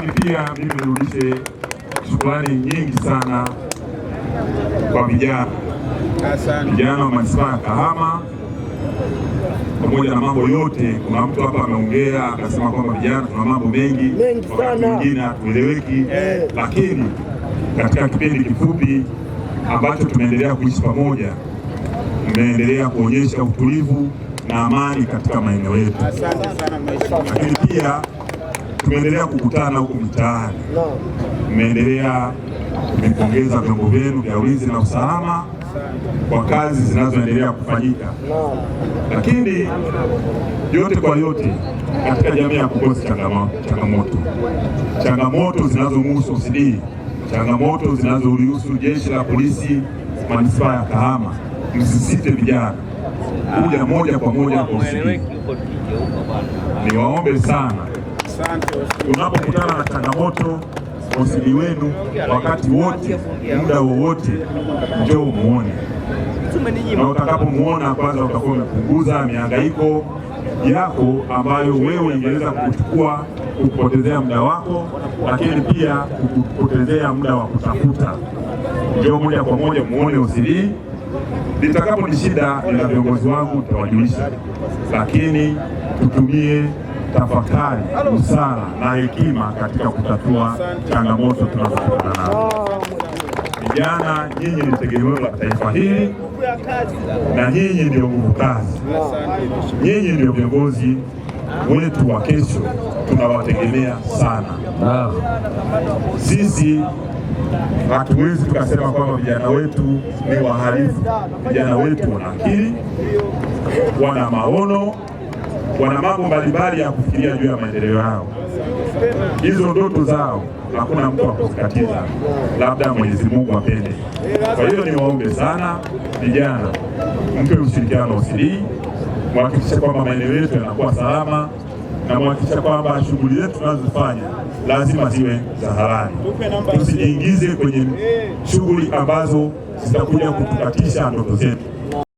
lakini pia mimi nirudishe shukrani nyingi sana kwa vijana vijana wa manispaa ya Kahama pamoja na mambo yote. Kuna mtu hapa ameongea akasema kwamba vijana tuna mambo mengi, wakati mwingine hatueleweki, eh. lakini katika kipindi kifupi ambacho tumeendelea kuishi pamoja, tumeendelea kuonyesha utulivu na amani katika maeneo yetu, lakini pia tumeendelea kukutana huku mtaani mmeendelea kumpongeza vyombo vyenu vya ulinzi na usalama kwa kazi zinazoendelea kufanyika, lakini yote kwa yote, katika jamii ya kukosa changamoto, changamoto zinazomhusu OCD, changamoto zinazolihusu jeshi la polisi manispaa ya Kahama, msisite vijana kuja moja kwa moja kwa OCD. Niwaombe sana unapokutana na changamoto usili wenu wakati wote, muda wowote, njoo muone, na utakapomuona kwanza utakuwa umepunguza mihangaiko yako ambayo wewe ingeweza kuchukua kukupotezea muda wako, lakini pia kukupotezea muda wa kutafuta. Njoo moja kwa moja muone usili Litakapo ni shida, nina viongozi wangu nitawajulisha, lakini tutumie tafakari, busara na hekima katika kutatua changamoto tunazokutana nazo. Vijana, nyinyi ni tegemeo la taifa hili, na nyinyi ndio nguvu kazi, nyinyi ndio viongozi wetu wa kesho. Tunawategemea sana. Sisi hatuwezi tukasema kwamba vijana wetu ni wahalifu. Vijana wetu wana akili, wana maono wana mambo mbalimbali ya kufikiria juu ya maendeleo yao, hizo ndoto zao hakuna mtu wa kuzikatiza, labda Mwenyezi Mungu apende. Kwa hiyo niwaombe sana vijana, mpe ushirikiano OCD, muhakikishe kwamba maeneo yetu yanakuwa salama na muhakikishe kwamba shughuli zetu tunazofanya lazima ziwe za halali. Tusijiingize kwenye shughuli ambazo zitakuja kutukatisha ndoto zetu.